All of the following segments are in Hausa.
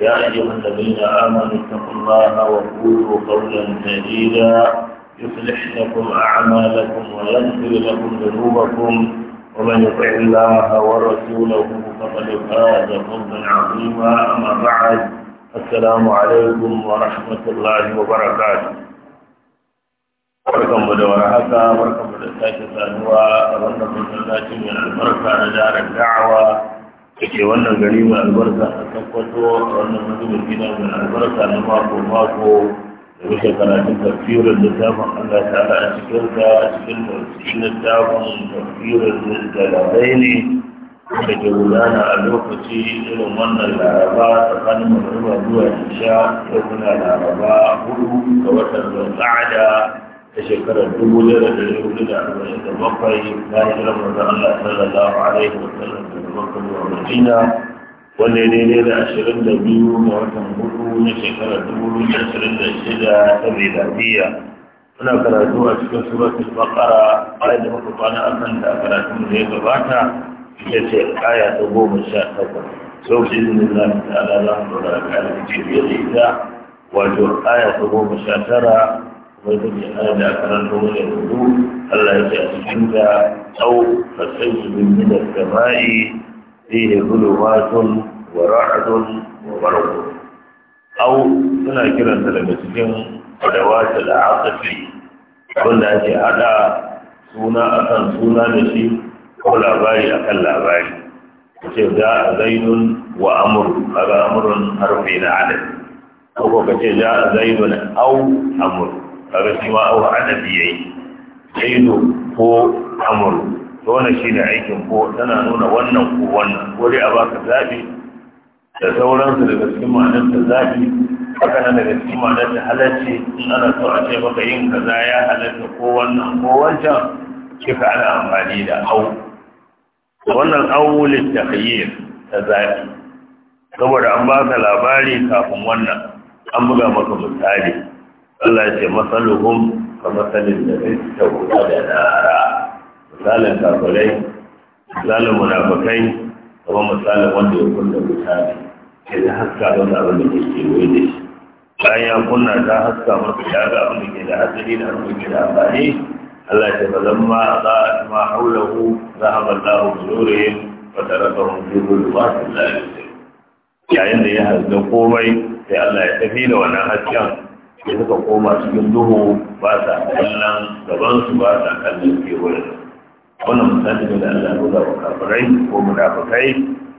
يا أيها الذين آمنوا اتقوا الله وقولوا قولا سديدا يصلح لكم أعمالكم ويغفر لكم ذنوبكم ومن يطع الله ورسوله فقد فاز فوزا عظيما أما بعد السلام عليكم ورحمة الله وبركاته barkan mu da warhaka barkan mu da sake saduwa a wannan masallacin mai albarka na jarar da'awa ke wannan gari mai albarka a tabbato a wannan mutumin gida mai albarka na mako mako da wuce karatun da zafin Allah ta'ala a cikin ka cikin zafin tafiyar da dalabai ne da ke gudana a lokaci irin wannan laraba tsakanin magariba zuwa isha da kuna laraba hudu ga watan zulqa'ada da shekarar dubu da dari hudu da arba'in da bakwai bayan jiran manzon Allah sallallahu alaihi wa sallam daga Makka zuwa Madina wanda daidai da ashirin da biyu ga watan hudu na shekarar dubu biyu da ashirin da shida ta miladiya muna karatu a cikin suratul baqara bayan da muka kwana akan da karatun da ya gabata ita ce aya ta goma sha takwas sau shi ne za mu ta'ala za mu dora da kalin cibiyar ita wato aya ta goma sha tara wata ce ana da karanto mana rubu Allah ya ce a cikin da tsau ka sai su bin da sama'i fihi zulumatun wa ra'dun wa barqun au suna kiranta daga cikin da aqfi wanda ake hada suna akan suna da shi ko labari akan labari ce za a zainun wa amuru kaga amurun harfe na adad ko ka ce za a zainun au amuru A shi ma awa ya yi, zaidu ko amru to shi ne aikin ko tana nuna wannan ko wannan ko dai a baka zabi da sauransu daga cikin ma'anar ta zabi haka nan daga cikin ma'anar ta halacci in ana so a ce maka yin kaza ya halatta ko wannan ko wancan kika ana amfani da au wannan au litakhayyir ta zabi saboda an baka labari kafin wannan an buga maka misali Allah ya ce masaluhum ka masalin da zai ta wuta da nara misalin kafirai misalin munafakai kuma misalin wanda ya kunna wuta ne ke haska don abin da ke kewaye da shi bayan ya kunna ta haska masa ya ga abin da ke da hatsari da abin da ke da amfani Allah ya ce ba zan ma za a ma haulahu za a ballahu zurihim wa tarakahum fi dhulumatin la yusir yayin da ya haska komai sai Allah ya tafi da wannan hasken da suka koma cikin duhu ba sa kallon gabansu ba sa kallon wurin wannan misali ne da Allah nuna wa kafirai ko munafikai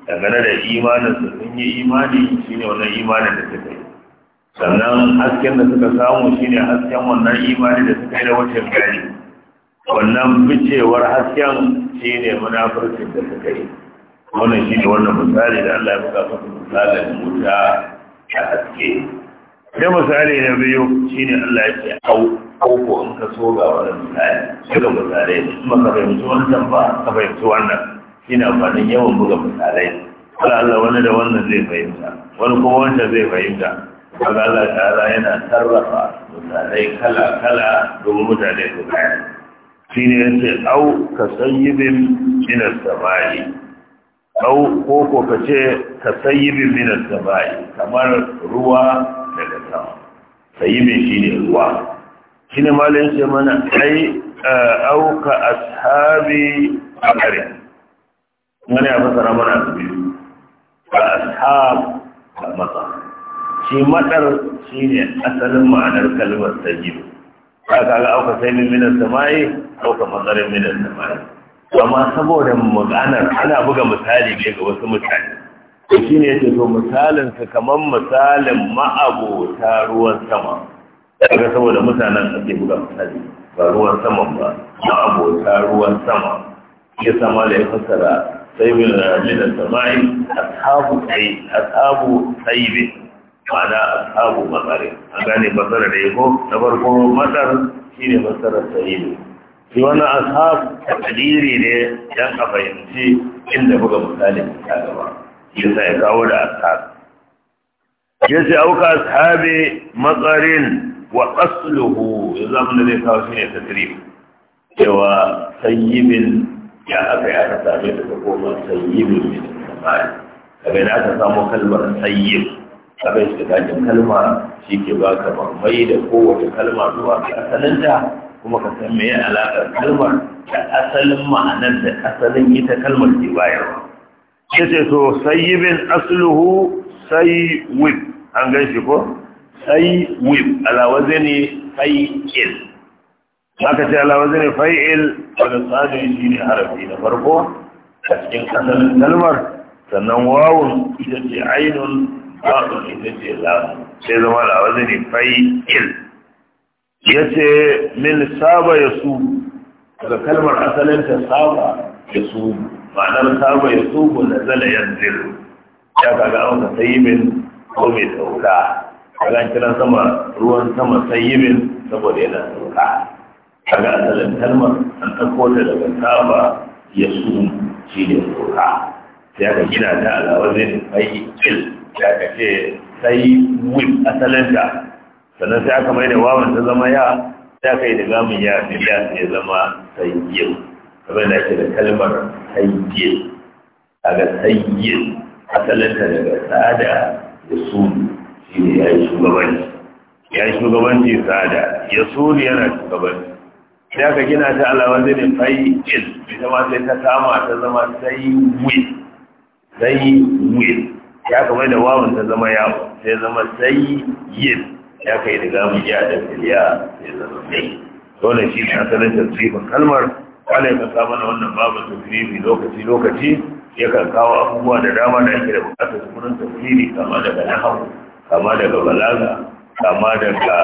dangane da imanin su sun yi imani shine wannan imanin da suka yi sannan hasken da suka samu shine hasken wannan imani da suka yi da wacce gari wannan bicewar hasken shine munafurcin da suka yi wannan shine wannan misali da Allah ya buga masa misalin wuta da haske sai misali na biyu shine Allah ya ce au au ko in ka so ga wannan misali ga misali ne kuma ka fahimci wannan ba ka fahimci wannan shine amfanin yawan buga misalai Allah Allah wani da wannan zai fahimta wani kuma wanda zai fahimta kaga Allah ta'ala yana sarrafa misalai kala kala domin mutane su gane shine yace au ka sayyibin min as-samai au ko ko kace ka sayyibin min as-samai kamar ruwa da gaggawa yi mai shi ne ruwa shi ne malin ce mana ai eh, auka ashabi a kare wani ya fasara mana su biyu a ashab ka matsa shi matsar shi ne asalin ma'anar kalmar yi sajibu ka ga auka sai min minan samaye auka matsarin minan samaye amma saboda maganar ana buga misali ne ga wasu mutane da shi ne yake zo misalinsa kamar misalin ma'abota ruwan sama daga saboda mutanen ake buga misali ba ruwan sama ba ma'abota ruwan sama ya sama da ya fassara sai bin rami da sama'i a tsabu sai tsayibe ma'ana tsabu matsari a gane matsara da ya ko na farko matsar shi ne sai tsayibe shi wani ashabu ta ne don a fahimci inda buga misalin ta gaba yasa ya kawo da asar. ya ce auka ashabi matsarin wa asluhu ya zama da zai kawo shi ne tasiri cewa sayyibin ya aka yi aka same ta ta koma sayyibin min samani abin da aka samu kalmar sayyib abin shi dajin kalma shi ke baka mamai da kowace kalma zuwa ga asalinta kuma ka san meye alaƙar kalmar da asalin ma'anar da asalin ita kalmar ke bayarwa ya ce to sayyibin asluhu sai wib an gan shi ko sai wib alawaze ne fai'il maka ce alawaze ne fai'il wanda tsarin shi ne harafi na farko a cikin asalin kalmar sannan wawun ita ce ainun ba'un ita ce lamu sai zama alawaze ne fai'il ya ce min saba ya su daga kalmar asalinta saba ya su ma'anar saba ya tsubu na zala yanzu ya kaga an ka sayyimin ko mai sauka kaga kiran sama ruwan sama sayyimin saboda yana sauka kaga asalin kalmar an ɗauko ta daga saba ya su shi ne sauka sai aka gina ta alawazin mai il sai aka ce sai asalin ta sannan sai aka mai da wawan ta zama ya ta kai da gamun ya fi ya zama yau. kamar da ake da kalmar sayyid ga sayyid asalinta daga tsada da sulu shi ne ya yi shugabanci ya yi shugabanci tsada ya sulu yana shugabanci sai aka gina ta alawar zai ne fayyid ita ma sai ta kama ta zama sayyid sayyid ya kamar da wawon ta zama ya sai zama sayyid ya kai da gamu ya da filiya sai zama sayyid dole shi ne asalin tasirifin kalmar kala ya kasa mana wannan babu tafiri lokaci lokaci yakan kawo abubuwa da dama da ake da bukatar su wurin tafiri kama daga nahawu kama daga balaga kama daga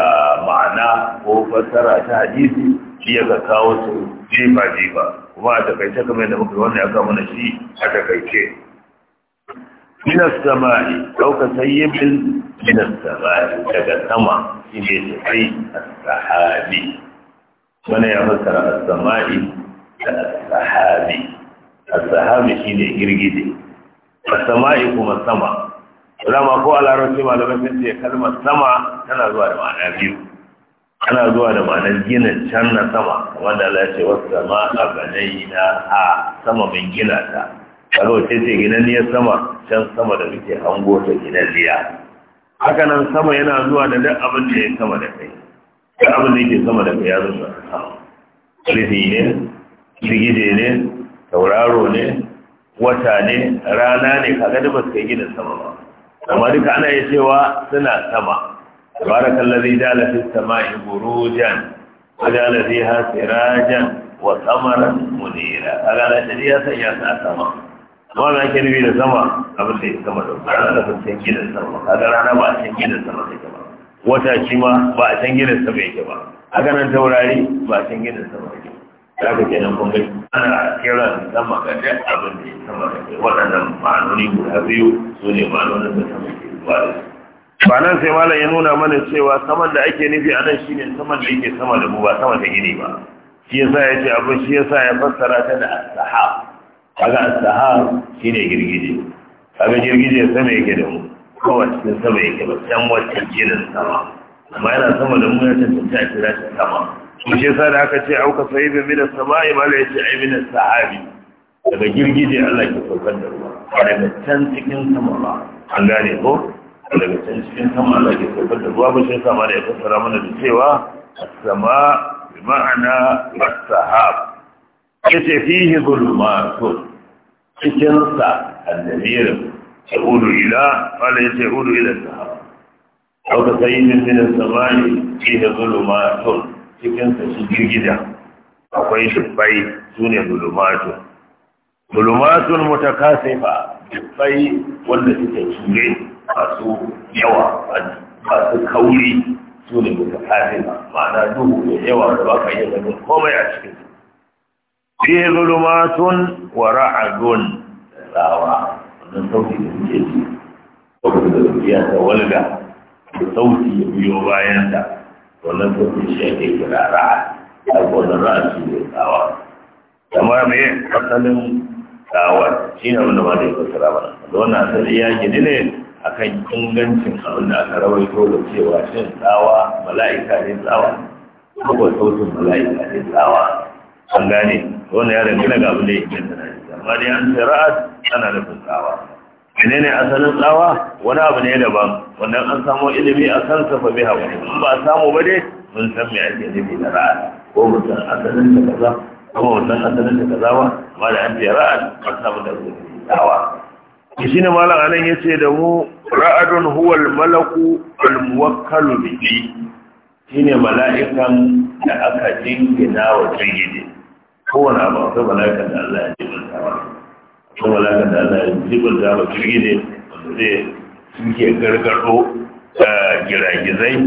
ma'ana ko fassara ta hadisi shi ya kawo su jefa jefa kuma a takaice kamar yadda muka wannan ya kama na shi a takaice min as-sama'i dauka sayyibin min as-sama'i daga sama shine sai as-sahabi wannan ya fassara as-sama'i da sahabi sahabi shine girgije sama'i kuma sama ulama ko a larabci malamai sun ce kalmar sama tana zuwa da ma'ana biyu tana zuwa da ma'anar ginin can na sama kamar da Allah ya ce wasu sama a banai na a sama min gina ta kaga wace ce ginanniyar sama can sama da muke hango ta ginanniya haka nan sama yana zuwa da duk abin da ya sama da kai duk abin da yake sama da kai ya zo sama rufi ne girgije ne tauraro ne wata ne rana ne kaga da basu kai gidan sama ba amma duka ana yi cewa suna sama tabarakan lazi jala fi sama'i burujan wa jala fiha sirajan wa qamaran munira kaga da shi ya sanya su a sama wannan ake nufi da sama abin da ya sama da rana da basu gidan sama kaga rana ba a can gidan sama take ba wata shi ma ba a can gidan sama yake ba a ganin taurari ba a can gidan sama za ka kenan kun gani ana kiran sama ga duk abin da ya sama da duk waɗannan ma'anoni guda biyu su ne ma'anonin da sama ke zuwa da su ba nan sai malam ya nuna mana cewa saman da ake nufi a nan shine saman da yake sama da mu ba sama da gini ba shi yasa ya ce abin shi yasa ya fassara ta da as-sahab kaga as shine girgije kaga girgije sama yake da mu kawai cikin sama yake ba can wata ginin sama amma yana sama da mu ya tantance a kira shi sama shi sa da aka ce auka sai bi min as-sama'i ma la yace min as-sahabi daga girgije Allah ke saukar da ruwa ba daga can cikin sama ba an gane ko daga can cikin sama Allah ke saukar da ruwa ba shi sa ma da ya fassara mana da cewa as-sama bi ma'ana as-sahab yace fihi zulmatun cikin sa annabiyar يعود إلى قال يعود إلى السحاب أو كسيد من السماء فيه ظلمات cikinsa shi girgida akwai shubbai su ne zulumatun kasai ba. shubbai wanda suke cire masu yawa masu kauri su ne ba, ma'ana duhu da yawa da ba ka iya ganin komai a cikin fi zulumatun wa ra'adun tsawa wannan sauti da suke ji saboda da ta walga da sauti ya biyo bayan da wannan lokacin shi ake kira ra'a saboda ra'a a cikin tsawa kamar me asalin tsawar shi ne wanda ba da ya ba da wannan asali ya gidi ne akan ingancin abin da aka rawaito da cewa shin tsawa mala'ika ne tsawa ko sautin mala'ika ne tsawa an gane wannan ya dangana ga abin da ya tana amma dai an tsara ana da tsawa menene asalin tsawa wani abu ne daban wannan an samu ilimi a kansa fa biha in ba a samu ba dai mun san me ake nufi da ra'a ko mun san asalin ta kaza kuma mun san asalin ta kaza ba amma da an ce ra'a an samu da tsawa shi ne malam anan yace da mu ra'adun Huwal malaku al-muwakkalu bihi ne mala'ikan da aka jingina wa jirgin kowane abu akwai mala'ikan da Allah ya jingina tsawa. don walakan da Allah ya jibin da ba jirgi ne wanda zai suke gargado eh, giragizai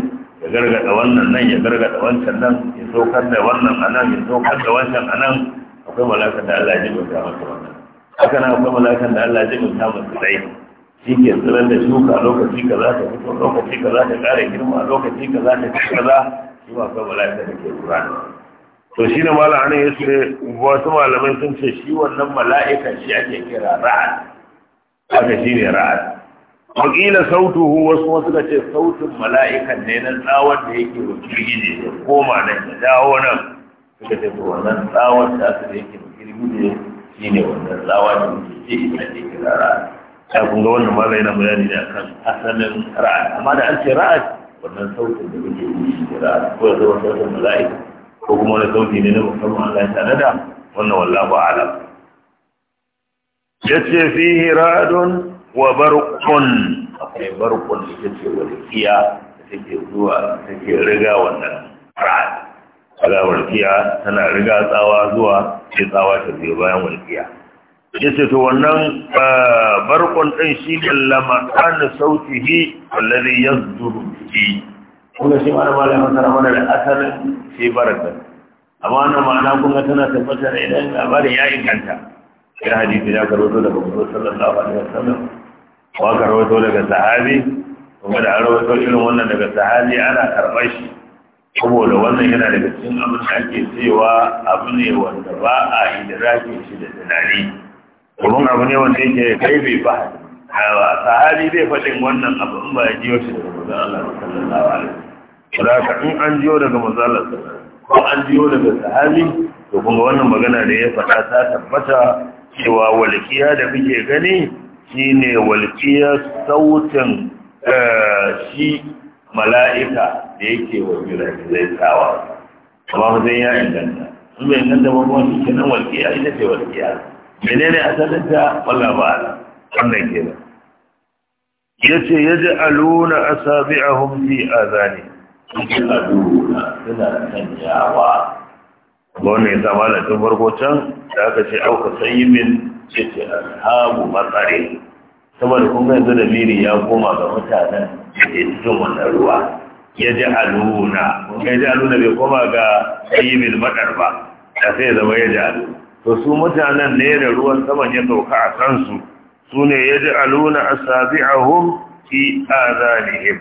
ya gargada wannan nan ya gargada wancan nan ya saukar da wannan a nan ya saukar da wancan a nan akwai malakan da Allah ya jibin ta masa wannan haka nan akwai malakan da Allah ya jibin ta masa dai shi ke tsirar da shuka lokaci ka za ta fito lokaci ka za ta ƙara girma lokaci ka za ta ci kaza shi ba akwai malakan da ke lura da to shi ne mala ana ya ce wasu malamai sun ce shi wannan mala'ikan shi ake kira ra'ad haka shi ne ra'ad wakila hu wasu wasu ka ce sautin mala'ikan ne na tsawon da yake wakirgije ya koma nan ya dawo nan suka ce to wannan tsawon da su da yake wakirgije shi ne wannan tsawon da yake ce shi ake kira ra'ad ya kun ga wannan mala yana bayani ne akan asalin ra'ad amma da an ce ra'ad wannan sautin da muke yi shi ra'ad ko ya zama sautin mala'ika ko kuma wani sauti ne na musamman Allah ya tanada wannan wallahu a'lam yace fihi radun wa barqun akwai barqun ita ce walqiya da take zuwa take riga wannan rad kaga walqiya tana riga tsawa zuwa sai tsawa ta biyo bayan walqiya yace to wannan eh, barqun din shi ne lama an sautihi alladhi yazduru bihi kuma shi mana malamin tara mana da asalin shi baraka amma wannan ma'ana kuma tana da idan labarin ya inganta ya hadisi ya karoto daga mutum sallallahu alaihi wasallam wa karoto daga sahabi kuma da an rawato irin wannan daga sahabi ana karɓar shi saboda wannan yana daga cikin abin da ake cewa abu ne wanda ba a idraki shi da tunani domin abu ne wanda yake kai bai fahimta hawa sahabi zai faɗin wannan abu in ba ya jiyo shi daga manzo sallallahu alaihi in an jiyo daga an jiyo daga sahabi to kuma wannan magana da ya faɗa ta tabbata cewa walƙiya da muke gani shine walƙiya sautin eh, shi mala'ika da yake wa zai tsawa amma zai ya inganta in bai inganta ba kuma shi kenan ita ce menene asalin ta ba wannan kenan yace yaj'aluna asabi'ahum fi azani yaj'aluna suna sanyawa wannan yasa malamin farko can da aka ce auka sayyimin a ashabu matsare saboda kun ga yanzu da miri ya koma ga mutanen da ke cikin wannan ruwa ya ji aluna ya ji aluna bai koma ga min maɗar ba da sai zama ya ji aluna to su mutanen ne da ruwan saman ya sauka a kansu sune a asabi'ahum fi adhanihim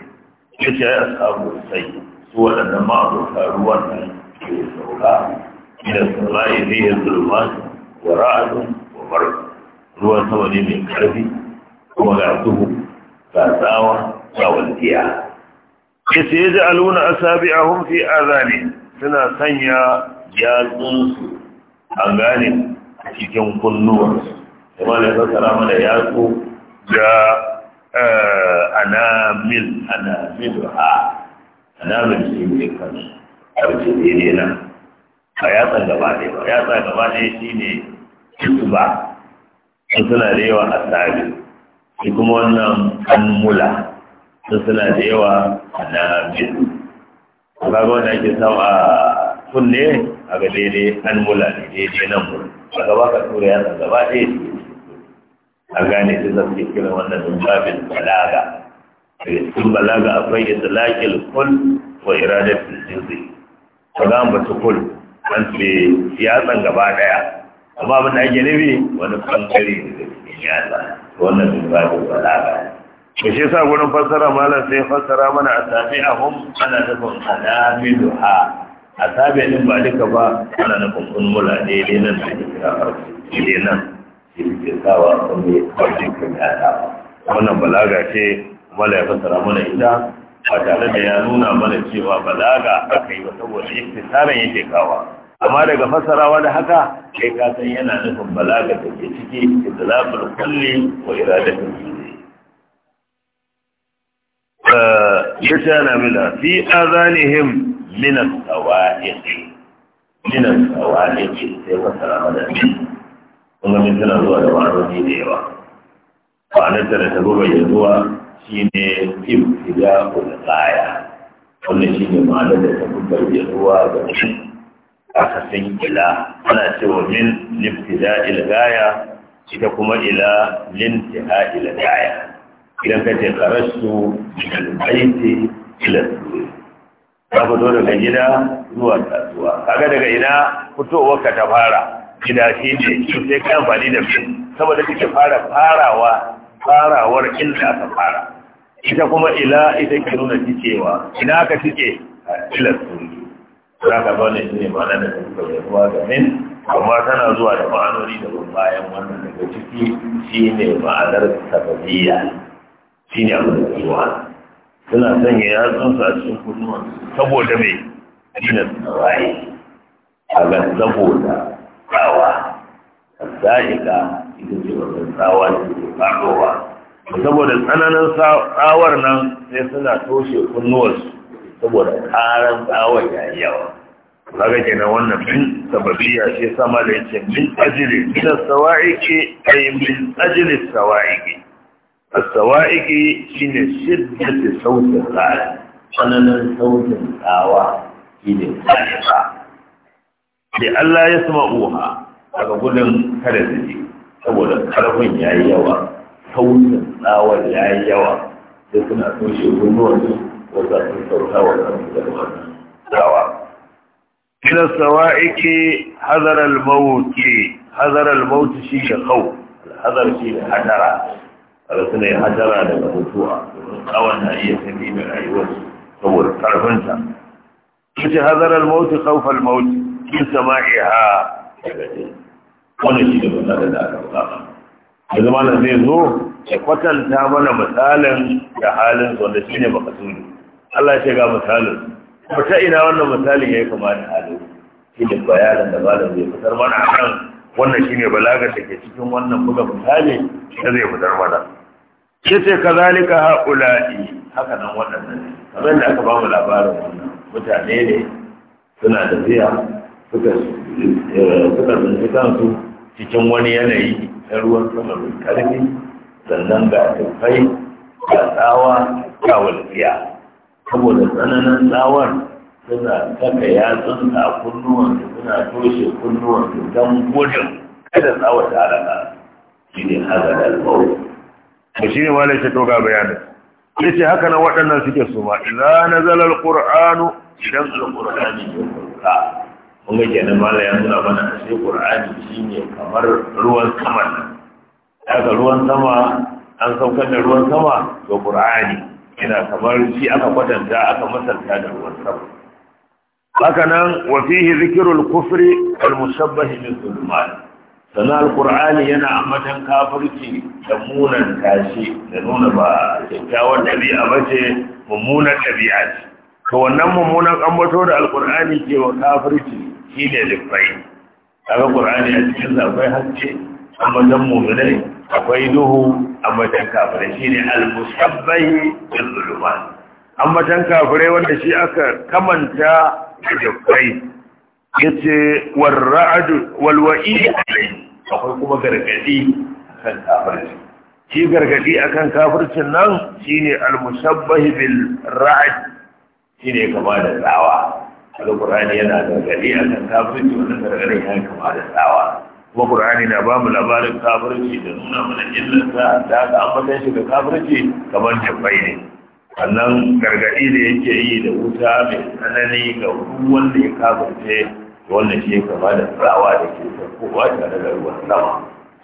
yace ai ashabu sai su wadannan ma'abuta ruwan nan ke saura ila sarayi ne ya zulmat wa ra'adun wa barq ruwan sama ne mai karfi kuma ga duhu ga tsawa ga walƙiya yace a asabi'ahum fi adhanihim suna sanya yatsunsu a gane cikin kunnuwarsu kuma da fassara mana yatsu da eh, anamil anamilu ha anamil shi ne kansu karfi daidai nan ba yatsa gaba ne ba yatsa gaba ne shi ne ba su suna da yawa a tsari shi kuma wannan an mula su suna da yawa a namil kaga wanda ake samu a kunne a ga daidai an mula ne daidai nan mula a gaba ka tura yatsa gaba ɗaya a gane su za su kira wannan babin balaga da eh, cikin balaga akwai laƙil kul wa iradar jinsi za ga batu kul an ce yatsan gaba daya amma abin da ake nufi wani bangare daga cikin yatsa wannan min babin balaga to shi yasa gurin fassara malam sai fassara mana a hun ana nufin anamiluha a din ba duka ba ana nufin ulmula ne ne nan da kira farko ne nan kirkirkawa wani wannan balaga ce mala ya fasara mana ita ba tare da ya nuna mana cewa balaga aka yi wa saboda iktisarin yake kawa amma daga fasarawa da haka kai ka san yana nufin balaga da ke ciki idlaqul kulli wa iradatul eh, ya ce na mila fi azanihim ya ce minan tsawa ya ce sai fasara mana ne. kalmomin tana zuwa da ma'anoni da yawa ma'anarta da ta bayyana zuwa shine ne ibtida ul qaya wannan shine ne ma'anar da ta bayyana zuwa ga akasin ila ana cewa min libtida il gaya ita kuma ila lintiha ila gaya idan ka ce karasu albaiti ila suri ka fito daga gida zuwa kasuwa kaga daga ina fitowar ka ta fara shi ne sai ka amfani da shi saboda kike fara farawa farawar inda aka fara ita kuma ila ita ke nuna cikewa, ina aka cike ila suri za ka ba ne shine ma'ana da suka yi zuwa ga min amma tana zuwa da ma'anoni da bayan wannan daga ciki shine ma'anar sababiyya shine abin da zuwa suna sanya yatsunsu a cikin kunnuwan saboda mai dina tsawaye a ga saboda tsawa zalika ita ce wannan tsawa ce ke faɗowa saboda tsananin tsawar nan sai suna toshe kunnuwarsu saboda ƙaran tsawar ya yi yawa kaga kenan wannan min sababiyya shi sama da yake min ajili min sawaiki ay min ajili sawaiki as-sawaiki shine shiddatu sautin qala Tsananin sautin tsawa shine qala da Allah ya sama uha daga gudun kada su ji saboda karfin ya yi yawa sautin tsawar ya yi yawa da suna toshe runuwansu wata sun sauta wa kansu da wannan tsawa ila sawa'iki hazar al-maut hazar al shi ke khawf al-hazar shi ne hadara kada suna yi hadara daga mutuwa tsawon na iya sani da rayuwarsu saboda karfinta kace hazar al-maut khawf al-maut min sama'iha daga jin wannan shi da ba da aka ba da zama zai zo ya kwatanta mana misalin da halin su wanda shine makasudi Allah ya ce ga misalin ba ta ina wannan misalin yayi kama da halin shi da ba da zai fitar mana akan wannan shine balagar da ke cikin wannan buga misali da zai fitar mana ya ce ka zalika haƙula'i haka nan waɗannan ne kamar da aka ba mu labarin wannan mutane ne suna da tafiya Eh, suka tsinci kansu cikin wani yanayi na ruwan sama mai karfi sannan ga tafai ga tsawa ga walfiya saboda tsananin tsawar suna saka yatsun a kunnuwansu suna toshe kunnuwansu don gudun kada tsawar ta halaka shi ne haka da alfawo ba shi ne wale shi toga bayanin ya ce haka na waɗannan suke suma Ina na zalar ƙura'anu idan alƙura'ani ya sauka kun ga kenan mala ya nuna mana a shi qur'ani shine kamar ruwan sama nan daga ruwan sama an saukar da ruwan sama ga qur'ani yana kamar shi aka kwatanta aka masanta da ruwan sama haka nan wa fihi zikrul kufri al musabbah min zulmat sana Qur'ani yana ambaton kafirci da munan tashi da nuna ba kyakkyawar dabi'a bace mummunar dabi'a ce to wannan mummunan ambato da alkur'ani ke wa kafirci shi ne liffai kaga qur'ani a cikin sa akwai haske ambaton mu'minai akwai duhu ambaton kafirai shine al-musabbahi bil zulumat ambaton kafirai wanda shi aka kamanta da liffai yace warra'd wal wa'id akwai kuma gargadi kan kafirci shi gargadi akan kafircin nan shine al-musabbahi bil ra'd Shine kama da tsawa Alƙur'ani yana yana gargadi a kan kafirci wannan gargarin ya kama da tsawa kuma kur'ani na ba labarin kafirci da nuna mana illarsa da aka ambatan shi da kafirci kamar jabbai ne wannan gargadi da yake yi da wuta mai tsanani ga wanda ya kafirce wannan shi kama da tsawa da ke sakkowa tare da ruwan sama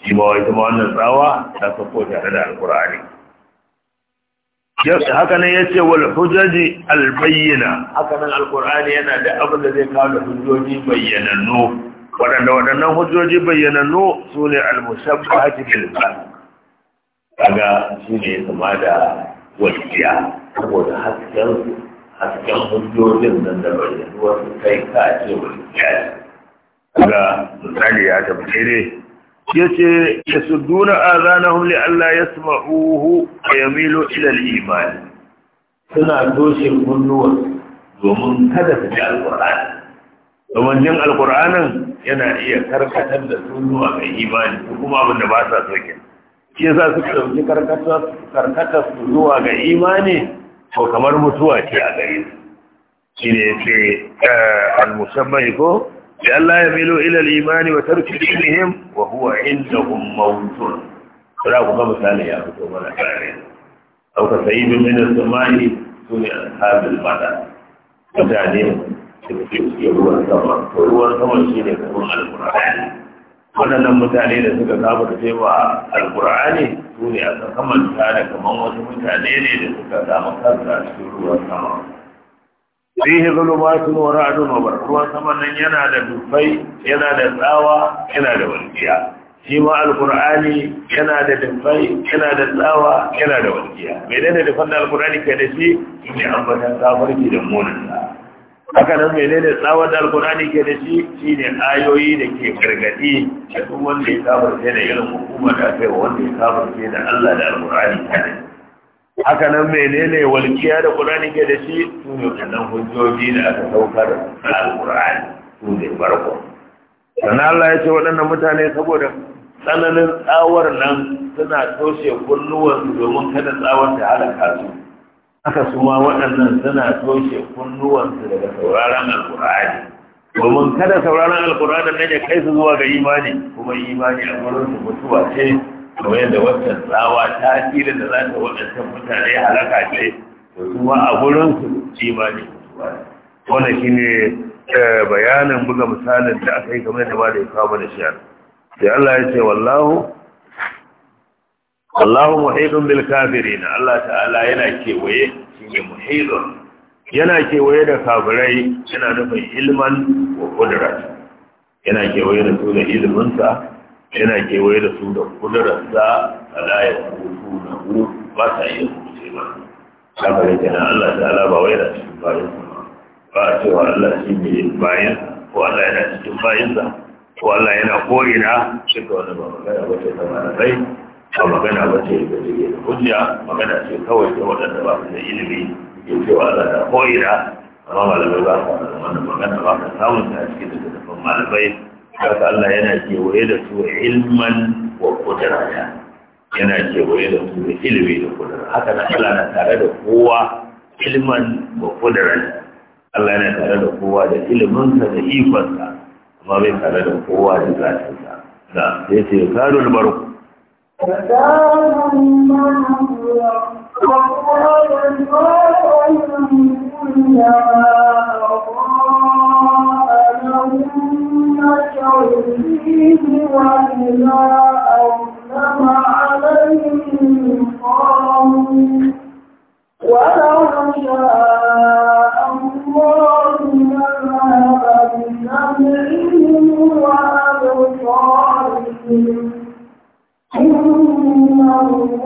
shi ma wai kuma wannan tsawa ta sakko tare da alkur'ani haka nan yace wal hujaji al bayyina haka nan yana da abin da zai kawo da hujjoji bayyananno wadanda wadannan hujjoji bayyananno sune al Bilba. bil su ne kama da walqiya saboda hasken hasken hujjojin nan da bayyanuwa su kai ka ce walqiya kaga misali ya tabbare yace yasudduna azanahum li alla yasma'uhu wa yamilu ila al-iman suna toshe kunnuwa domin kada su ji alqur'ani domin jin alqur'anin yana iya karkatar da kunnuwa ga imani kuma abin da ba sa so ke shi yasa suka dauki karkatar karkatar kunnuwa zuwa ga imani ko kamar mutuwa ce a gare su shine yace eh, al-musamma ko Allah ya milo ilal imani wa tarki dinihim wa huwa indahum mawtun sura ku ga misali ya mana kare au ka sayi min as-samai sune mutane da suke ruwan sama to ruwan sama shine wannan mutane da suka saba da cewa alqur'ani sune a sakamanta da kaman wasu mutane ne da suka samu kansa cikin ruwan sama fihi zulumatun wa ra'dun wa ruwan saman nan yana da dufai yana da tsawa yana da walƙiya. shi ma alqur'ani yana da dufai yana da tsawa yana da walƙiya. walqiya menene dufan da alqur'ani ke da shi ne ambatan kafarki da munin haka nan menene tsawon da alkurani ke da shi shi ne ayoyi da ke gargadi da duk wanda ya saba da irin hukuma da aka yi wa wanda ya saba da Allah da alkurani kadai haka nan menene walkiya da Qur'ani ke da shi su wannan hujjoji da aka saukar da Al-Qur'ani su ne farko sannan Allah ya ce waɗannan mutane saboda tsananin tsawar nan suna toshe kunnuwansu domin kada tsawar ta halaka su haka su ma waɗannan suna toshe kunnuwansu daga sauraron Al-Qur'ani domin kada sauraron Al-Qur'ani ne ya kai su zuwa ga imani kuma imani a gurin su mutuwa ce kamar yadda wata rawa ta tsira da za ta waɗancan mutane halaka ce to kuma a gurin su ci ma ne wannan shi ne eh, bayanin buga misalin da aka yi kamar yadda ba da ya kawo da shiyar sai Allah ya ce wallahu wallahu muhidun bil kafirin Allah ta'ala yana kewaye shi ne muhidun yana kewaye da kafirai yana nufin ilman wa kudrat yana kewaye da su da ilminsa yana kewaye da su da za a laye hutu na hu ba ta iya kuce ba haka da kenan Allah ta ala ba wai da cikin bayan ba a cewa Allah shi ne bayan ko Allah yana cikin bayansa ko Allah yana ko'ina shi ka wani ba magana ba ce ta malamai ba magana ba ce da jirgin hujja magana ce kawai ta waɗanda ba su da ilimi ke cewa Allah na ko'ina amma malamai ba su da wannan magana ba ka samun ta cikin da tafin malamai haka Allah yana kewaye da su ilman wa ya yana kewaye da su da ilimi da kudura haka na Allah na tare da kowa ilman wa kudura Allah yana tare da kowa da iliminsa da ikonsa amma bai tare da kowa da zatinsa da sai ce karul barku وقال ma. عنك الدين وإلى أولم عليهم قاموا ولو شاء الله لذهب بسمعهم وأبصارهم إن الله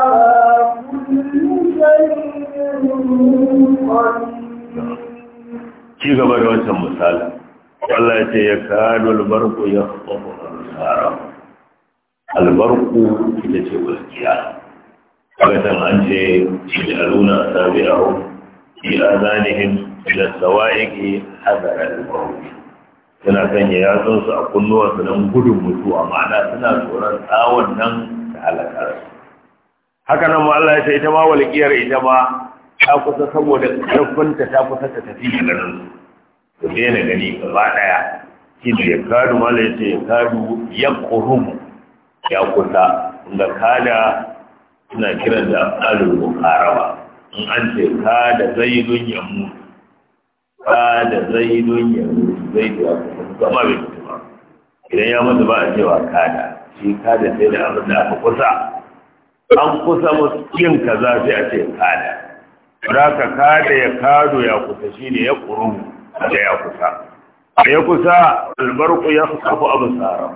على كل شيء قدير. ce ya kado albarku ya kwafa alfara albarku ita ce walƙiya kagatan an ce shidaruna sabi'ahu fi azanihim ila sawa'iqi hadara al-mawt suna sanya yatsun a kunnuwa don gudun mutuwa ma'ana suna tsoron tsawon nan da halaka haka nan ma ya ce ita ma walƙiyar ita ma ta kusa saboda ƙarfinta ta kusa ta tafi Ku daina gani gaba ɗaya kidu ya kadu mala ya ce ya kadu ya kurumu ya kusa ga kada suna kiran da alul mukaraba in an ce kada zaidun ya mutu kada zaidun ya mutu zai da kuma bai mutu ba idan ya mutu ba a cewa kada shi kada sai da abin da aka kusa an kusa yin kaza sai a ce kada Raka kada ya kado ya kusa shi ne ya kurum da ya kusa. da ya kusa albarku ya kafa abu tsara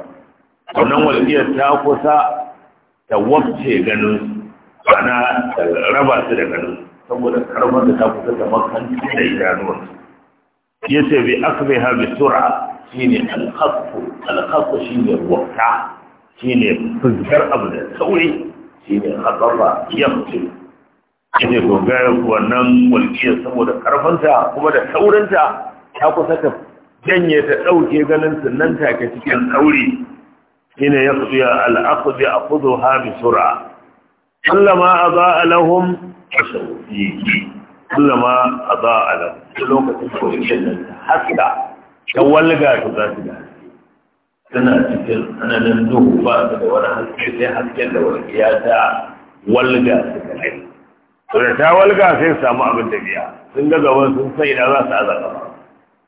wannan walƙiyar ta kusa ta wabce ganin ana raba su da ganin saboda karfar da ta kusa ta makanci da idanuwarsu ya ce bi akbe ha bi tura shi ne alhaku alhaku shi ne wata shi ne fuskar abu da sauri shi ne hatsafa ya fice ya ce to gaya wannan walƙiyar saboda karfanta kuma da saurinta ta kusa ta janye ta ɗauke ganin nan take cikin ɗauri shine ya fito ya al'aqdi aqudu ha bi sura kullama yi? lahum ashawiki za a lahum lokacin da wucin nan haska ta walga to za su gane tana cikin ananin duhu ba su da wani haske sai hasken da wani walƙiya ta walga su gane to da ta walga sai samu abin da biya sun ga gaban sun sai da za su aza gaba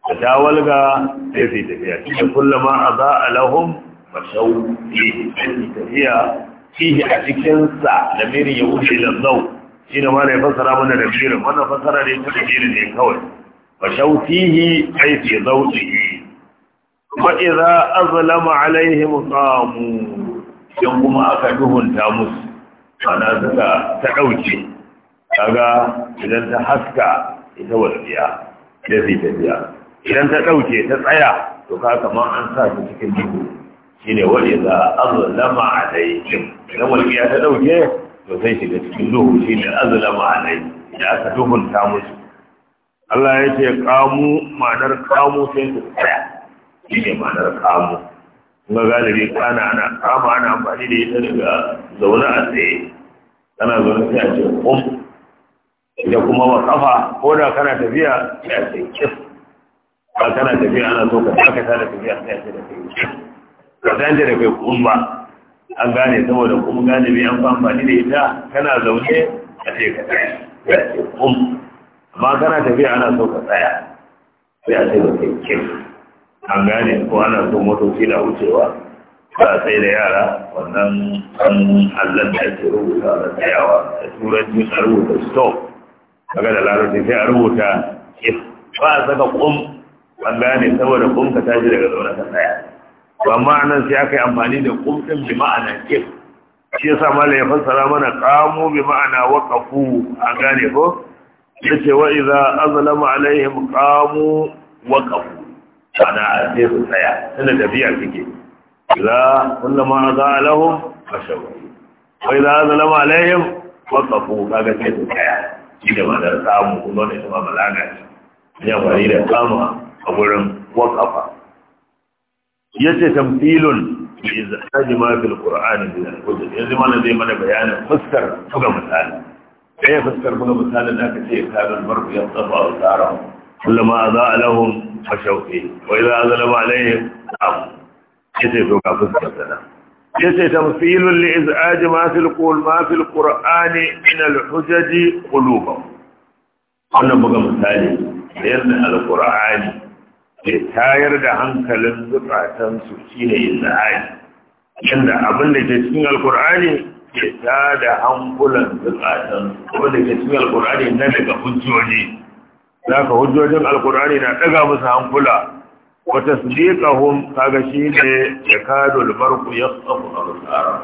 da ta walga sai su tafiya shi da kullama a za a lahun mashau fiye su tafiya fiye a cikinsa da mirin ya wuce zau. shi ne ma ya fasara mana da mirin wannan fasara ne ta da ne kawai mashau fiye ai fi zauɗi wa idza azlama alaihim qamu dan kuma aka duhunta musu ana suka ta ɗauke. kaga idan ta haska ita walqiya Ya fi tafiya idan ta ɗauke ta tsaya to ka kamar an sa su cikin duhu shi ne wani za azulama alaihim idan ya ta ɗauke to sai shiga cikin duhu shi ne azulama alaihim da aka ta musu Allah ya ce kamu ma'anar kamu sai su tsaya shi ne ma'anar kamu ga galibi kana ana kama ana amfani da ita daga zaune a tsaye kana zaune sai a ce kum ita kuma wa kafa ko da kana tafiya sai a ce kif ba kana tafiya ana so ka aka tana tafiya sai a ce da kai ka tanje da kai an gane saboda kuma gane bai an ni da ita kana zaune a ce ka tsaya ya ce kuma amma kana tafiya ana so ka tsaya sai a ce da kai kin an gane ko ana so motoci na wucewa ba sai da yara wannan an allon da ake rubuta da tsayawa da turanci a rubuta stop kaga da larabci sai a rubuta if ba a saka kum an gane saboda kumka ta shi daga zaune ta tsaya to amma anan sai aka yi amfani da kumkin bi ma'ana ke shi yasa mala ya fassara mana qamu bi ma'ana waqafu a gane ko yace wa idza azlama alaihim qamu waqafu ana sai su tsaya tana tafiya kike la kullama azaa lahum fashaw wa idza azlama alaihim waqafu kaga sai su tsaya shi da ma'anar samu kuma ne kuma malaka ya fari da kama a wurin wakafa ya ce tamfilun bi izhaji ma fil qur'ani min al-hujj yanzu mana zai mana bayanin fuskar buga misali kai fuskar buga misalin da aka ce kalal marbu ya tsafa wa tsara kullama azaa lahum fashawqi wa idza azlama alaihim am yace to ka fuskar sana yace tamfilun li izhaji ma fil qul ma fil qur'ani min al-hujj qulubahum wannan buga misali da yadda al-qur'ani ke tayar da hankalin zukatansu shine izhari yanda abin da ke cikin alkur'ani ke ta da hankulan zukatansu abin da ke cikin alkur'ani na daga hujjoji za ka hujjojin alkur'ani na daga musu hankula wata su ƙahun kaga shi ne ya kado albarku ya tsafu a rusara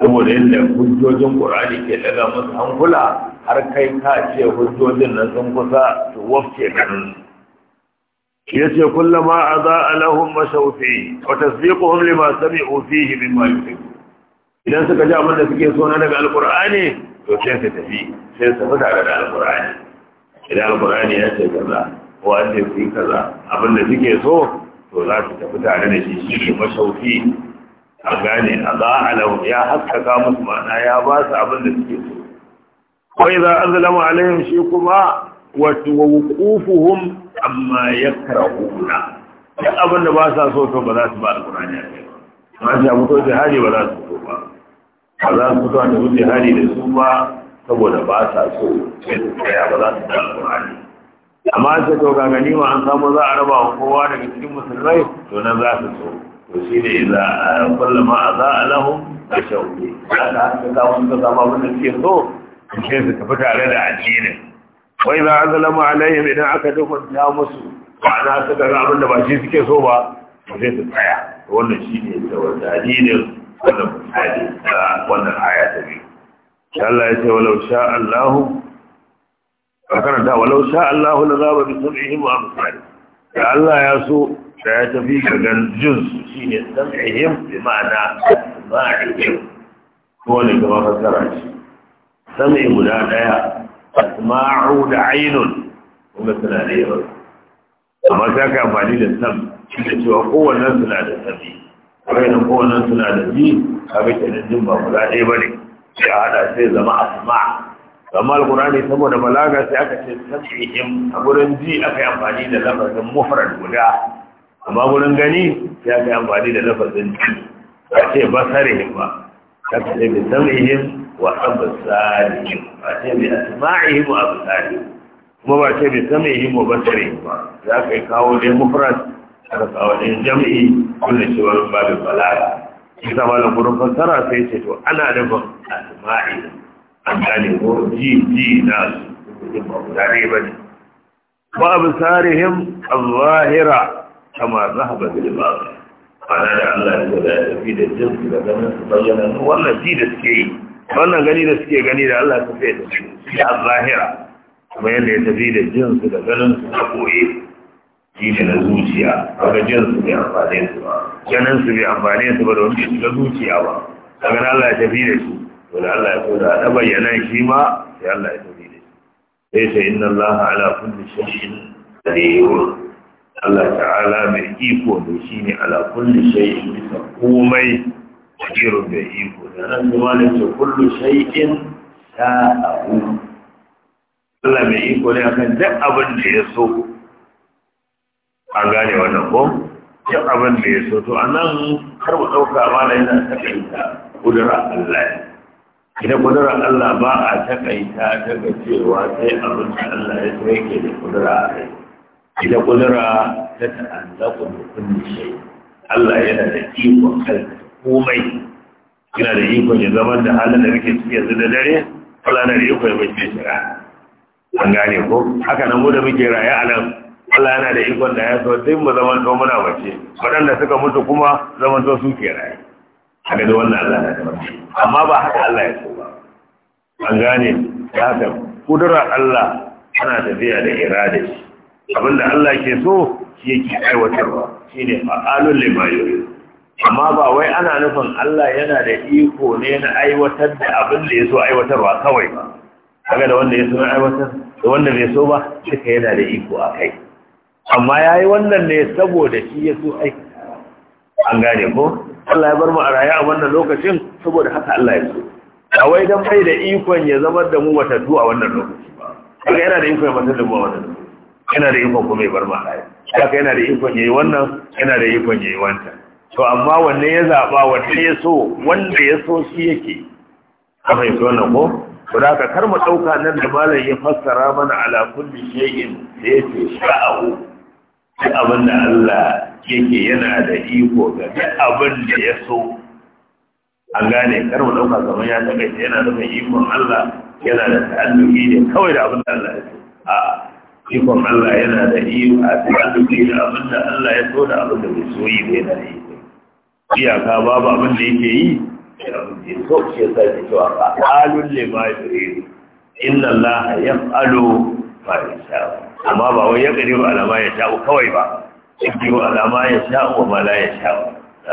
saboda yadda hujjojin ƙur'ani ke daga musu hankula har kai ka ce hujjojin nan sun kusa su wafce ganin yace kullama adaa lahum mashaw fi wa tasdiquhum lima sami'u fihi mimma yuhibbu idan suka ji abin da suke so na daga alqur'ani to sai su tafi sai su fita daga alqur'ani idan alqur'ani ya ce kaza ko an ce su kaza abin da suke so to za su tafi tare da shi shi ne mashaw a gane adaa lahum ya haskaka musu ma'ana ya ba su abin da suke so ko a azlama alaihim shi kuma wato wa wuqufuhum amma yakrahuna duk abin da ba sa so to ba za su ba alqur'ani a kai ba za su mutu fito jihadi ba za su so ba ba za su fito da jihadi da su ba saboda ba sa so sai su tsaya ba za su da alqur'ani amma sai to ga gani ma an samu za a raba wa kowa daga cikin musulmai to nan za su so to shi ne za a kullama ma za a lahun a shauki za ka haka kawo suka zama abin da suke so su ke su tafi tare da addinin wai za a zalama alayyam idan aka dukunta musu ma'ana suka ga abin da ba shi suke so ba ba zai su tsaya wannan shi ne da dalilin wannan misali da wannan aya ta biyu Allah ya ce walau sha Allah a karanta walau sha Allah la zaba bi sam'ihim wa absarihim da Allah ya so da ya tafi ga ganjin su shine sam'ihim bi ma'ana ko ne ga fasara shi sam'i guda daya asma'u da ainun kuma suna da yawa amma sai ka amfani da sam shi da cewa kowannen suna da sami bayanin kowannen suna da ji a ga kenan jin ba guda ɗaya ba ne shi a haɗa sai zama sama amma alkurani saboda balaga sai aka ce sabihim a gurin ji aka yi amfani da lafazin mufarar guda amma gurin gani sai aka yi amfani da lafazin ji ba ce basarihim ba ta ce bi sam'ihim wa absarihim ba ce bi asma'ihim wa absarihim kuma ba ce bi sam'ihim mu basarihim ba za ka kawo dai mufrad aka kawo dai jam'i kullu shi wani babin balaga shi zama da gurin fassara sai ce to ana da nufin asma'i an gane ko ji ji na su jin ba guda ne ba ne ba abu sarihim al-zahira kama zahaba bil ba'd ana da Allah ya da tafi da jin da ganin su bayyana wannan ji da suke yi wannan gani da suke gani da Allah su fi da su shi zahira kuma yadda ya tafi da jinsu da ganin su na koye shi ne na zuciya kaga jinsu bai amfane su ba ganin su bai amfane su ba da wani shi na zuciya ba kaga Allah ya tafi da su to Allah ya koda da bayyana shi ma sai Allah ya tafi da shi sai sai inna Allah ala kulli shay'in qadir Allah ta'ala mai iko ne ala kulli shay'in komai kadirun da iko da nan kuma ne ce kullu shay'in sa'ahu Allah mai iko ne akan duk abin da ya so an gane wannan ko duk abin da ya so to anan har mu dauka amana yana takaita kudura Allah ita kudura Allah ba a takaita daga cewa sai abin da Allah ya so yake da kudura a kai ita kudura ta ta'allaku da kullu shay Allah yana da iko kansa komai yana da ikon ya zama da halin da muke ciki yanzu da dare Allah na da ikon ya bace shi ra an gane ko haka nan mu da muke raye a nan Allah yana da ikon da ya so sai mu zama to muna bace wadanda suka mutu kuma zaman to su ke raye haka da wannan Allah na da mace amma ba haka Allah ya so ba an gane haka Kudura Allah tana tafiya da irada shi abinda Allah ke so shi yake aiwatarwa shine fa'alul lima amma ba wai ana nufin Allah yana da iko ne na aiwatar da abin da ya so aiwatarwa kawai ba kaga da wanda ya so aiwatar da wanda bai so ba duka yana da iko a kai amma yayi wannan ne saboda shi ya so aiki an gane ko Allah ya bar mu a raye a wannan lokacin saboda haka Allah ya so a wai dan bai da ikon ya zama da mu matattu a wannan lokaci ba kaga yana da ikon ya matar da mu a wannan lokaci yana da ikon kuma ya bar mu a raye kaga yana da ikon yayi wannan yana da ikon yayi wancan to amma wanne ya zaɓa wanne ya so wanda ya so shi yake kamar yi wannan ko to da kar mu ɗauka nan da malam ya fassara mana ala kulli shay'in da yake sha'ahu duk abin da Allah yake yana da iko ga duk abin da ya so an gane kar mu ɗauka kamar ya taɓa yana da mai ikon Allah yana da ta'alluki ne kawai da abin da Allah ya so a'a ikon Allah yana da iko. a ta'alluki da abin da Allah ya so da abin da bai so yi bai da yi iyaka babu abin da yake yi so shi yasa ke cewa fa'alun lima yuridu inna allaha yaf'alu ma yasha'u amma ba wai ya kadiru alama ya sha'u kawai ba ƙi wa alama ya sha'u wa ma ya sha'u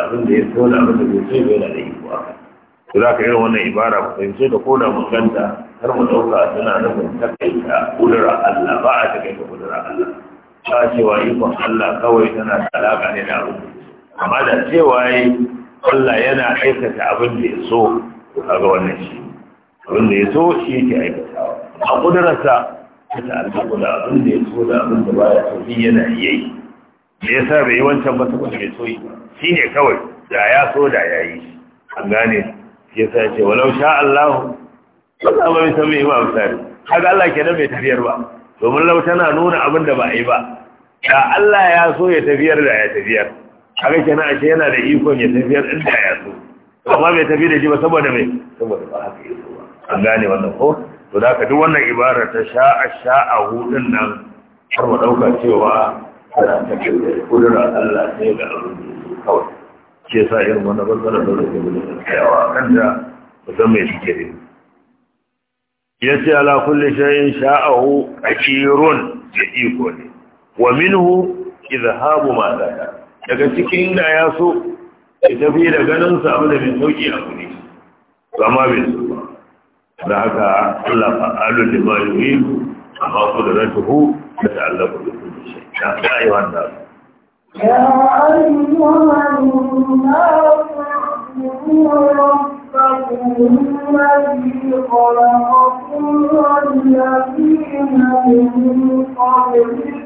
abin da ya so da abin da bai so da iko ba. to za ka irin wannan ibara ku fahimce da koda mun ganta har mu ɗauka tana nufin takaita ƙudura Allah ba a takaita ƙudura Allah ta cewa ikon Allah kawai tana da alaƙa ne da abin amma da cewa yi Allah yana aikata abin da ya so kaga wannan shi abin da ya so shi yake aikata a kudararsa ta ta'allaka da abin da ya so da abin da baya so shi yana iya yi me yasa bai yi wancan ba saboda bai so yi shi ne kawai da ya so da ya yi an gane yasa ya ce walau sha Allah wannan ba mai san mai ba misali kaga Allah ke nan bai tafiyar ba domin lau tana nuna abin da ba a yi ba da Allah ya so ya tafiyar da ya tafiyar haka kenan ashe yana da ikon ya tafiyar inda ya so amma bai tafi da shi ba saboda mai saboda ba haka ya so ba an gane wannan ko to da duk wannan ibara ta sha'a sha'a hudun nan har mu dauka cewa ana ta kudura Allah sai ga abin da kawai ke sa irin wannan bangaren da zai gudu tsayawa kan da mai shi ke da ya ce ala kulli shayin sha'ahu akirun da iko ne wa minhu izhabu ma zaka daga cikin inda ya so ya tafi da ganin samu da mai sauki a kuni amma bai so ba da haka Allah fa'alun da ma yi amma da zai tuhu da ta'allaku da kuma shi da yi wannan يا أيها الناس اعبدوا ربكم الذي خلقكم والذين من قبلكم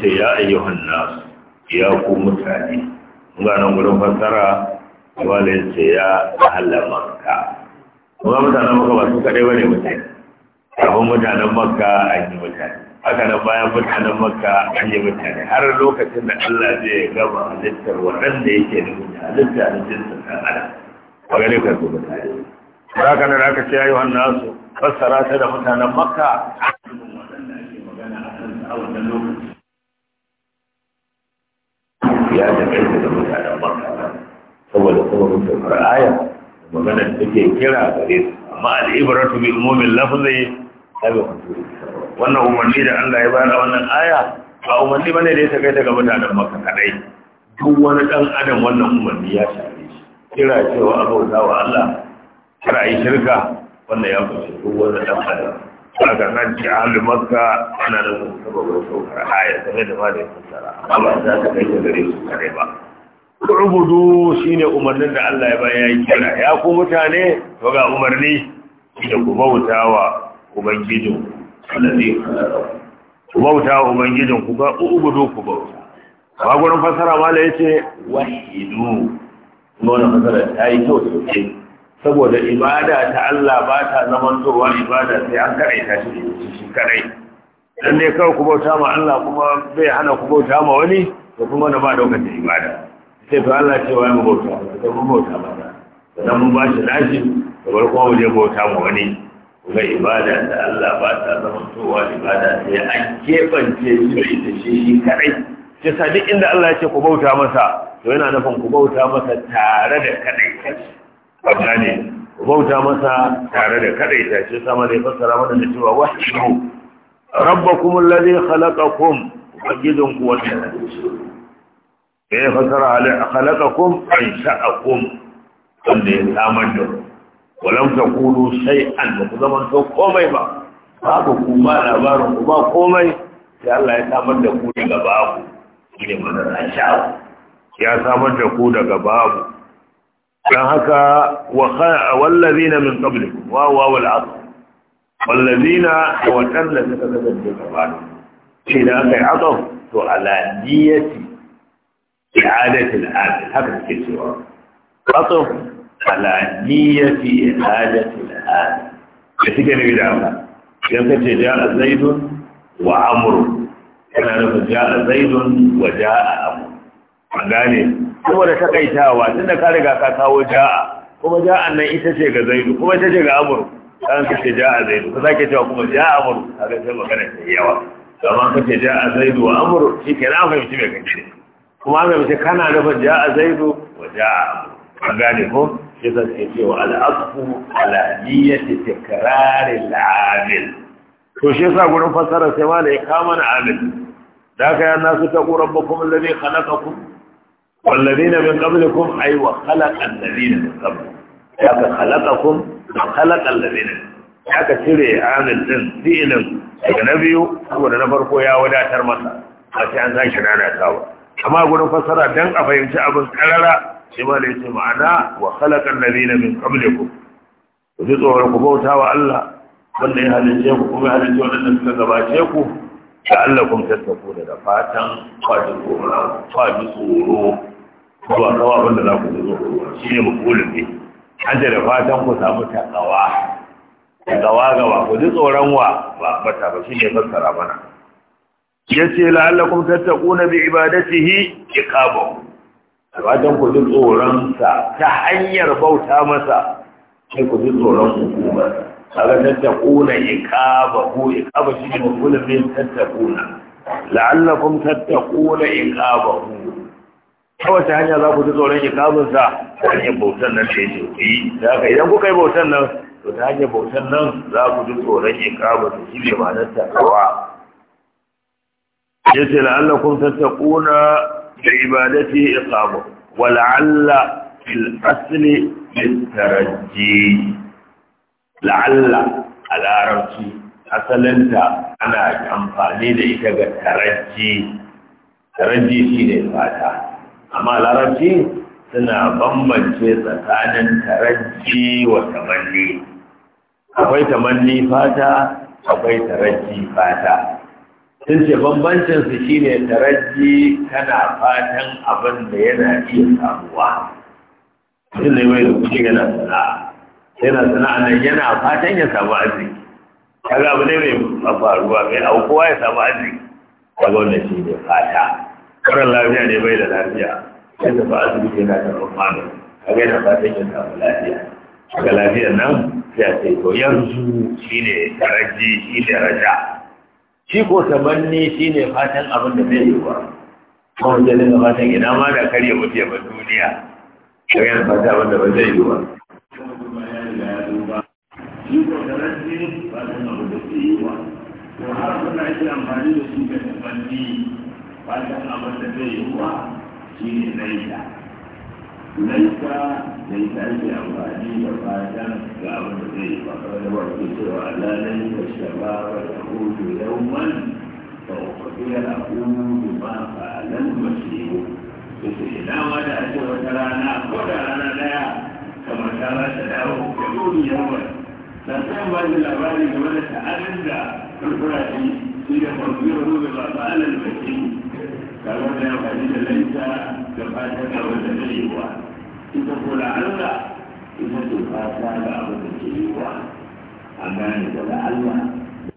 ce ya ayyuhan nas ya ku mutane ga nan gurin fassara wala ce ya ahlan makka kuma mutanen makka ba su kadai bane mutane kafin mutanen makka an yi mutane aka da bayan mutanen makka an yi mutane har lokacin da Allah zai gama halittar waɗanda yake da mutane halitta da jinsin ɗan adam ba gare ka zo mutane ba haka nan aka ce ya yi su fassara ta da mutanen makka a cikin waɗanda ake magana a kan a wannan lokacin ya danganta da mutanen makka saboda kuma mutum far'aya magana da take kira gare su amma al'ibaratu bi umumin lafzi sabi wannan umarni da Allah ya bada wannan aya ba umarni bane da ya saka daga mutanen maka kadai duk wani dan adam wannan umarni ya shafe shi kira cewa abauta wa Allah kar yi shirka wannan ya kunshi duk wani dan adam aka nan ce ahalin makka ana da sun sababin saukar haya kamar da ma da ya fassara amma ba za ka kai ta gare su kare ba rubudu ne umarnin da Allah ya baya ya kira ya ku mutane to ga umarni da ku bautawa ubangijin allazi ku bautawa ubangijin ku ga ubudu ku bauta ba gurin fasara mala yace wahidu kuma wannan fasara ta yi kyau sosai saboda ibada ta Allah ba ta zamantowa ibada sai an karai ta shi shi karai dan dai kawai ku bauta ma Allah kuma bai hana ku bauta ma wani da kuma na ba daukar da ibada sai to Allah ce wai mu bauta sai mu bauta ba dan mun ba shi lashi da bar kuma mu je bauta ma wani kuma ibada ta Allah ba ta zamantowa ibada sai an kebance shi da ita shi shi karai sai sadi inda Allah ya ce ku bauta masa to yana nufin ku bauta masa tare da kadai kai a bauta masa tare da kadai ta ce sama zai fassara mana da cewa wahidu rabbakum alladhi khalaqakum ubangijin ku wanda ya ya fassara khalaqakum an wanda ya samar da ku walam takulu shay'an ba ku zaman to komai ba babu ku ba labarin ku ba komai sai Allah ya samar da ku daga babu ne mana sha'aku ya samar da ku daga babu فهكا وخ... والذين من قبلكم واو واو العصر والذين وكان لتتبدل بالقبال شيلا كي عطف على نية إعادة العامل هذا الكسوة عطف على نية إعادة العامل يتيجي نبي دعمها يمكن جاء زيد وعمر كان جاء زيد وجاء عمر فقالي saboda tun tunda ka riga ka kawo ja'a kuma ja'an nan ita ce ga zaidu kuma ita ce ga amuru kan ka ce ja'a zaidu ka sake cewa kuma ja'a amuru ga sai magana ta yawa amma ka ce ja'a zaidu wa amuru shi ke na fahimci mai kake kuma mai mace kana nufin ja'a zaidu wa ja'a amuru an gane ko shi zan ke cewa al'afu ala niyyati tikrari al'amil to shi yasa gurin fassara sai ma da ya kama na amil da ka yana su ta ƙuran bakwai ka ku? والذين من قبلكم أي وخلق الذين من قبلكم ياك خلقكم وخلق الذين ياك شري عامل دين دين نبيو أبو نفرقو يا ودا ترمسا أتي أن ذاك أنا تاوى أما أقول فسرا دن أفهمت أبو سكرارا شما ليس معنا وخلق الذين من قبلكم وفي صوركم بوتا الله wannan ya halice ku kuma ya halice waɗanda suka gabace ku la'allakum tattaquna da fatan kwaji tsoro kwaji tsoro zuwa kawo abin za ku zo tsoro shi ne makulun ne an da fatan ku samu ta takawa gawa ku ji tsoron wa ba bata ba shi ne fassara mana ya ce la'allakum tattaquna bi ibadatihi iqabahu fatan ku ji tsoron sa ta hanyar bauta masa sai ku ji tsoron hukumar kaga tattaquna iqabahu Ikaba shi ne mafulun min tattaquna la'allakum tattaquna iqabahu ta wace hanya za ku ji tsoron iqabun sa ta hanyar bautan nan da yake yi da haka idan kuka yi bautan nan to ta hanyar bautan nan za ku ji tsoron iqabun sa shi ne ma nan takawa yace la'allakum tattaquna bi ibadati iqabahu wa la'alla fil asli min tarajji la'alla a larabci asalinta ana amfani da ita ga taraji taraji shi ne fata amma larabci suna bambance tsakanin taraji wa tamanni akwai tamanni fata akwai taraji fata sun ce bambancinsu shi ne taraji tana fatan abin da yana iya samuwa mutum ne mai da kuke yana sana'a yana sana'a nan yana fatan ya samu arziki kaga abu ne mai faruwa mai aukuwa ya samu arziki kaga wannan shi ne fata karan lafiya ne bai da lafiya sai tafi ke na karɓar magani kaga yana fatan ya samu lafiya kaga lafiyar nan sai a ce to yanzu shi ne taraji shi ne raja shi ko samanni shi ne fatan abin da zai yi Kuma kawai zai dinga fatan ina ma da karya mutu ya ba duniya kaga yana fatan abin da ba zai yi ba iko da rasmi ba da na hudu su yi wa to har suna ake amfani da shi ga tabbanci ba da abin da zai yi wa shi ne laita laita ta ake amfani da fatan ga abin da zai yi ba kawai da wani cewa Allah laita shaba wa ta hudu yawman fa ukhbiya aqulu ma fa'alan masihu yace ina ma da ake wata rana ko da rana daya kamar ta ba ta dawo da duniya wannan da sai ba da labari game da ta'adin da kurkura shi shi da kwanciyar ruwa ba ba alal baki kamar da ya faɗi da laita da fatan da wanda zai yi wa ita ko la'alla ita ce fata da abin da ke yi wa a gane da la'alla